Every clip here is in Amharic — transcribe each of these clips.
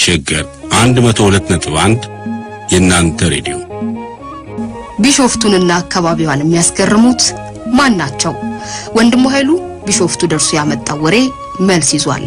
ሸገር 102.1 የእናንተ ሬዲዮ። ቢሾፍቱንና አካባቢዋን የሚያስገርሙት ማን ናቸው? ወንድሙ ኃይሉ ቢሾፍቱ ደርሶ ያመጣው ወሬ መልስ ይዟል።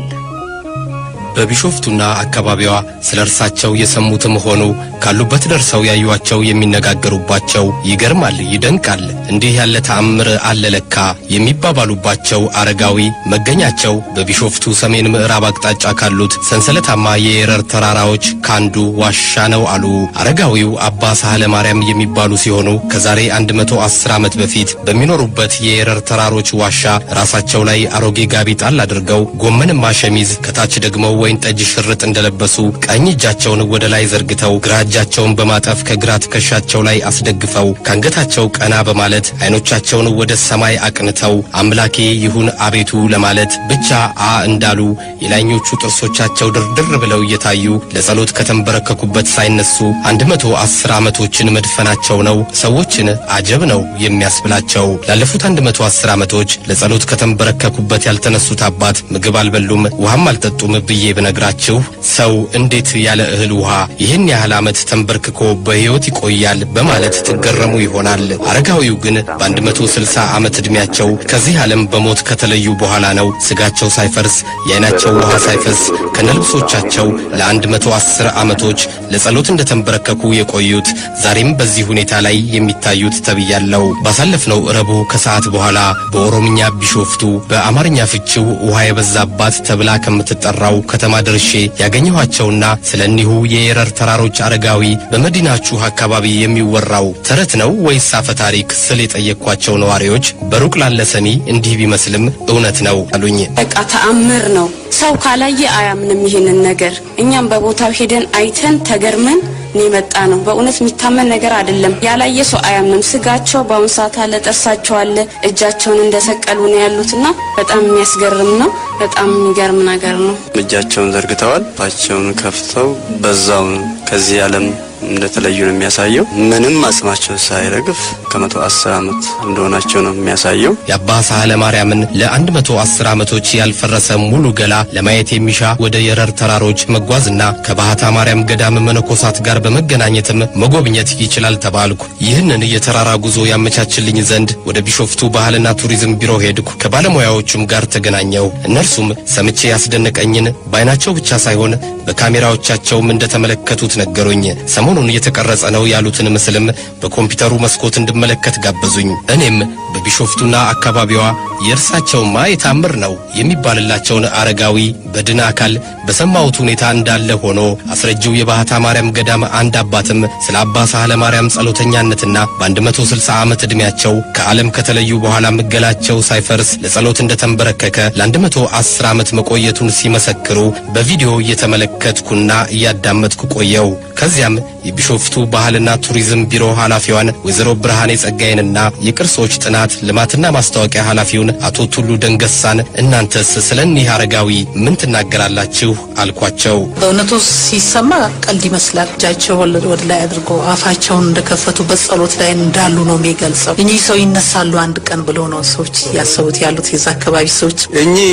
በቢሾፍቱና አካባቢዋ ስለ እርሳቸው የሰሙትም ሆኑ ካሉበት ደርሰው ያዩቸው የሚነጋገሩባቸው ይገርማል፣ ይደንቃል፣ እንዲህ ያለ ተአምር አለለካ የሚባባሉባቸው አረጋዊ መገኛቸው በቢሾፍቱ ሰሜን ምዕራብ አቅጣጫ ካሉት ሰንሰለታማ የኤረር ተራራዎች ካንዱ ዋሻ ነው አሉ። አረጋዊው አባ ሳህለ ማርያም የሚባሉ ሲሆኑ ከዛሬ 110 ዓመት በፊት በሚኖሩበት የኤረር ተራሮች ዋሻ ራሳቸው ላይ አሮጌ ጋቢ ጣል አድርገው ጎመንማ ሸሚዝ ከታች ደግሞ ወይን ጠጅ ሽርጥ እንደለበሱ ቀኝ እጃቸውን ወደ ላይ ዘርግተው ግራ እጃቸውን በማጠፍ ከግራ ትከሻቸው ላይ አስደግፈው ከአንገታቸው ቀና በማለት አይኖቻቸውን ወደ ሰማይ አቅንተው አምላኬ ይሁን አቤቱ ለማለት ብቻ አ እንዳሉ የላይኞቹ ጥርሶቻቸው ድርድር ብለው እየታዩ ለጸሎት ከተንበረከኩበት ሳይነሱ አንድ መቶ አስር ዓመቶችን መድፈናቸው ነው ሰዎችን አጀብ ነው የሚያስብላቸው። ላለፉት አንድ መቶ አስር ዓመቶች ለጸሎት ከተንበረከኩበት ያልተነሱት አባት ምግብ አልበሉም ውሃም አልጠጡም ብዬ ብነግራችሁ ሰው እንዴት ያለ እህል ውሃ ይህን ያህል ዓመት ተንበርክኮ በሕይወት ይቆያል በማለት ትገረሙ ይሆናል። አረጋዊው ግን በ160 ዓመት ዕድሜያቸው ከዚህ ዓለም በሞት ከተለዩ በኋላ ነው ስጋቸው ሳይፈርስ የዓይናቸው ውሃ ሳይፈስ ከነልብሶቻቸው ለ110 ዓመቶች ለጸሎት እንደተንበረከኩ የቆዩት ዛሬም በዚህ ሁኔታ ላይ የሚታዩት ተብያለው። ባሳለፍነው ረቡ ከሰዓት በኋላ በኦሮምኛ ቢሾፍቱ በአማርኛ ፍቺው ውሃ የበዛባት ተብላ ከምትጠራው ከተማ ደርሼ ያገኘኋቸውና ስለ እኒሁ የኤረር ተራሮች አረጋዊ በመዲናችሁ አካባቢ የሚወራው ተረት ነው ወይስ አፈ ታሪክ ስል የጠየቅኳቸው ነዋሪዎች በሩቅ ላለ ሰሚ እንዲህ ቢመስልም እውነት ነው አሉኝ። በቃ ተአምር ነው። ሰው ካላየ አያምንም ይህንን ነገር። እኛም በቦታው ሄደን አይተን ተገርመን ነው የመጣ ነው። በእውነት የሚታመን ነገር አይደለም። ያላየ ሰው አያምንም። ስጋቸው በአሁኑ ሰዓት አለ፣ ጥርሳቸው አለ፣ እጃቸውን እንደሰቀሉ ነው ያሉት በጣም የሚያስገርም ነው። በጣም የሚገርም ነገር ነው። እጃቸውን ዘርግተዋል፣ ባቸውን ከፍተው በዛው ከዚህ ዓለም እንደተለዩ ነው የሚያሳየው ምንም አጽማቸው ሳይረግፍ ከመቶ አስር ዓመት እንደሆናቸው ነው የሚያሳየው። የአባ ሳህለ ማርያምን ለአንድ መቶ አስር ዓመቶች ያልፈረሰ ሙሉ ገላ ለማየት የሚሻ ወደ የረር ተራሮች መጓዝና ከባህታ ማርያም ገዳም መነኮሳት ጋር በመገናኘትም መጎብኘት ይችላል ተባልኩ። ይህንን የተራራ ጉዞ ያመቻችልኝ ዘንድ ወደ ቢሾፍቱ ባህልና ቱሪዝም ቢሮ ሄድኩ። ከባለሙያዎቹም ጋር ተገናኘው። እነርሱም ሰምቼ ያስደነቀኝን በአይናቸው ብቻ ሳይሆን በካሜራዎቻቸውም እንደተመለከቱት ነገሩኝ። ሰሞኑን የተቀረጸ ነው ያሉትን ምስልም በኮምፒውተሩ መስኮት እንድመ እንድመለከት ጋበዙኝ። እኔም በቢሾፍቱና አካባቢዋ የእርሳቸውማ የታምር ነው የሚባልላቸውን አረጋዊ በድን አካል በሰማሁት ሁኔታ እንዳለ ሆኖ አስረጂው የባህታ ማርያም ገዳም አንድ አባትም ስለ አባ ሳህለ ማርያም ጸሎተኛነትና በ160 ዓመት ዕድሜያቸው ከዓለም ከተለዩ በኋላ ምገላቸው ሳይፈርስ ለጸሎት እንደተንበረከከ ለ110 ዓመት መቆየቱን ሲመሰክሩ በቪዲዮ እየተመለከትኩና እያዳመጥኩ ቆየው። ከዚያም የቢሾፍቱ ባህልና ቱሪዝም ቢሮ ኃላፊዋን ወይዘሮ ብርሃን ቃኔ ጸጋዬንና የቅርሶች ጥናት ልማትና ማስታወቂያ ኃላፊውን አቶ ቱሉ ደንገሳን እናንተስ ስለ እኒህ አረጋዊ ምን ትናገራላችሁ? አልኳቸው። በእውነቱ ሲሰማ ቀልድ ይመስላል። እጃቸው ወደ ላይ አድርጎ አፋቸውን እንደከፈቱ በጸሎት ላይ እንዳሉ ነው የሚገልጸው። እኚህ ሰው ይነሳሉ አንድ ቀን ብለው ነው ሰዎች ያሰቡት ያሉት የዛ አካባቢ ሰዎች። እኚህ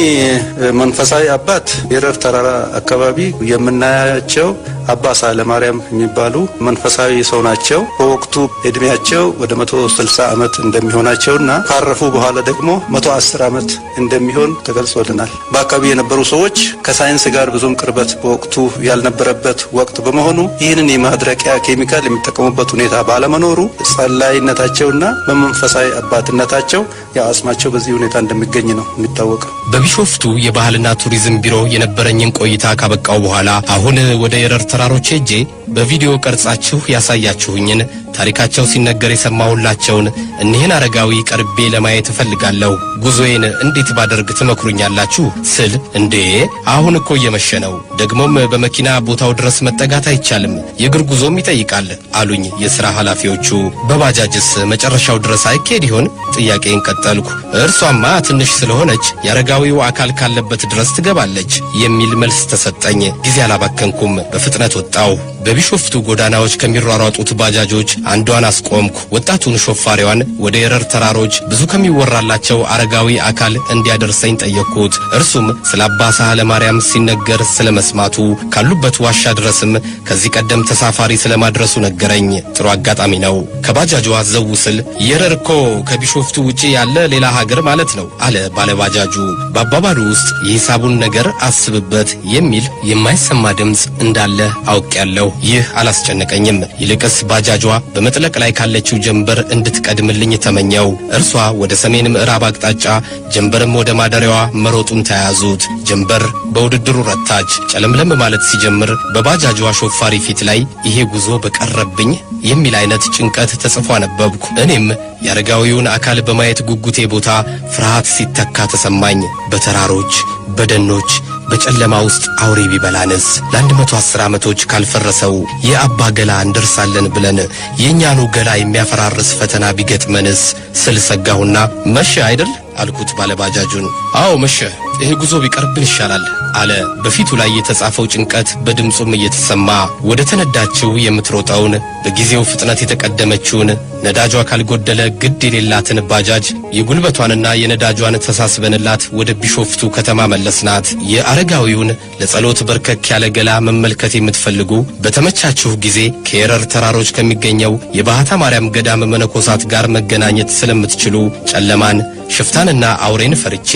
መንፈሳዊ አባት የረር ተራራ አካባቢ የምናያቸው አባ ሳለማርያም የሚባሉ መንፈሳዊ ሰው ናቸው። በወቅቱ እድሜያቸው ወደ 160 ዓመት እንደሚሆናቸውና ካረፉ በኋላ ደግሞ 110 ዓመት እንደሚሆን ተገልጾልናል። በአካባቢ የነበሩ ሰዎች ከሳይንስ ጋር ብዙም ቅርበት በወቅቱ ያልነበረበት ወቅት በመሆኑ ይህንን የማድረቂያ ኬሚካል የሚጠቀሙበት ሁኔታ ባለመኖሩ ጸላይነታቸውና በመንፈሳዊ አባትነታቸው የአጽማቸው በዚህ ሁኔታ እንደሚገኝ ነው የሚታወቀው። በቢሾፍቱ የባህልና ቱሪዝም ቢሮ የነበረኝን ቆይታ ካበቃው በኋላ አሁን ወደ የረር ተራሮች ሄጄ በቪዲዮ ቀርጻችሁ ያሳያችሁኝን ታሪካቸው ሲነገር የሰማው ያወጣሁላቸውን እኒህን አረጋዊ ቀርቤ ለማየት እፈልጋለሁ። ጉዞዬን እንዴት ባደርግ ትመክሩኛላችሁ? ስል እንዴ አሁን እኮ እየመሸ ነው፣ ደግሞም በመኪና ቦታው ድረስ መጠጋት አይቻልም፣ የእግር ጉዞም ይጠይቃል አሉኝ የሥራ ኃላፊዎቹ። በባጃጅስ መጨረሻው ድረስ አይኬድ ይሆን? ጥያቄን ቀጠልኩ። እርሷማ ትንሽ ስለሆነች የአረጋዊው አካል ካለበት ድረስ ትገባለች የሚል መልስ ተሰጠኝ። ጊዜ አላባከንኩም፣ በፍጥነት ወጣሁ። በቢሾፍቱ ጎዳናዎች ከሚሯሯጡት ባጃጆች አንዷን አስቆምኩ። ወጣት የቱን ሾፋሪዋን ወደ የረር ተራሮች ብዙ ከሚወራላቸው አረጋዊ አካል እንዲያደርሰኝ ጠየቅኩት። እርሱም ስለ አባ ሳህለ ማርያም ሲነገር ስለ መስማቱ ካሉበት ዋሻ ድረስም ከዚህ ቀደም ተሳፋሪ ስለ ማድረሱ ነገረኝ። ጥሩ አጋጣሚ ነው። ከባጃጇ ዘው ስል የረር እኮ ከቢሾፍቱ ውጪ ያለ ሌላ ሀገር ማለት ነው አለ ባለባጃጁ። በአባባሉ ውስጥ የሂሳቡን ነገር አስብበት የሚል የማይሰማ ድምፅ እንዳለ አውቅ ያለው ይህ አላስጨነቀኝም። ይልቅስ ባጃጇ በመጥለቅ ላይ ካለችው ጀንበር ድንበር እንድትቀድምልኝ ተመኘው። እርሷ ወደ ሰሜን ምዕራብ አቅጣጫ፣ ጀንበርም ወደ ማደሪያዋ መሮጡን ተያያዙት። ጀንበር በውድድሩ ረታች። ጨለምለም ማለት ሲጀምር በባጃጇ ሾፋሪ ፊት ላይ ይሄ ጉዞ በቀረብኝ የሚል አይነት ጭንቀት ተጽፎ አነበብኩ። እኔም የአረጋዊውን አካል በማየት ጉጉቴ ቦታ ፍርሃት ሲተካ ተሰማኝ። በተራሮች በደኖች በጨለማ ውስጥ አውሬ ቢበላንስ? ለ110 ዓመቶች ካልፈረሰው የአባ ገላ እንደርሳለን ብለን የእኛኑ ገላ የሚያፈራርስ ፈተና ቢገጥመንስ ስልሰጋሁና ሰጋሁና መሸ አይደል አልኩት ባለባጃጁን። አዎ መሸ፣ ይሄ ጉዞ ቢቀርብን ይሻላል አለ በፊቱ ላይ የተጻፈው ጭንቀት በድምፁም እየተሰማ ወደ ተነዳችው የምትሮጠውን በጊዜው ፍጥነት የተቀደመችውን ነዳጇ ካልጎደለ ግድ የሌላትን ባጃጅ የጉልበቷንና የነዳጇን ተሳስበንላት ወደ ቢሾፍቱ ከተማ መለስናት። የአረጋዊውን ለጸሎት በርከክ ያለ ገላ መመልከት የምትፈልጉ በተመቻችሁ ጊዜ ከየረር ተራሮች ከሚገኘው የባህታ ማርያም ገዳም መነኮሳት ጋር መገናኘት ስለምትችሉ ጨለማን፣ ሽፍታንና አውሬን ፈርቼ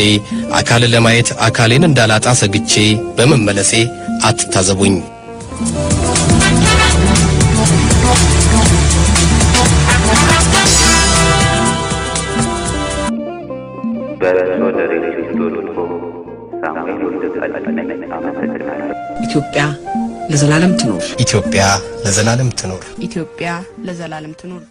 አካል ለማየት አካሌን እንዳላጣ ሰግቼ ትቼ በመመለሴ አትታዘቡኝ። ኢትዮጵያ ለዘላለም ትኖር! ኢትዮጵያ ለዘላለም ትኖር! ኢትዮጵያ ለዘላለም ትኖር!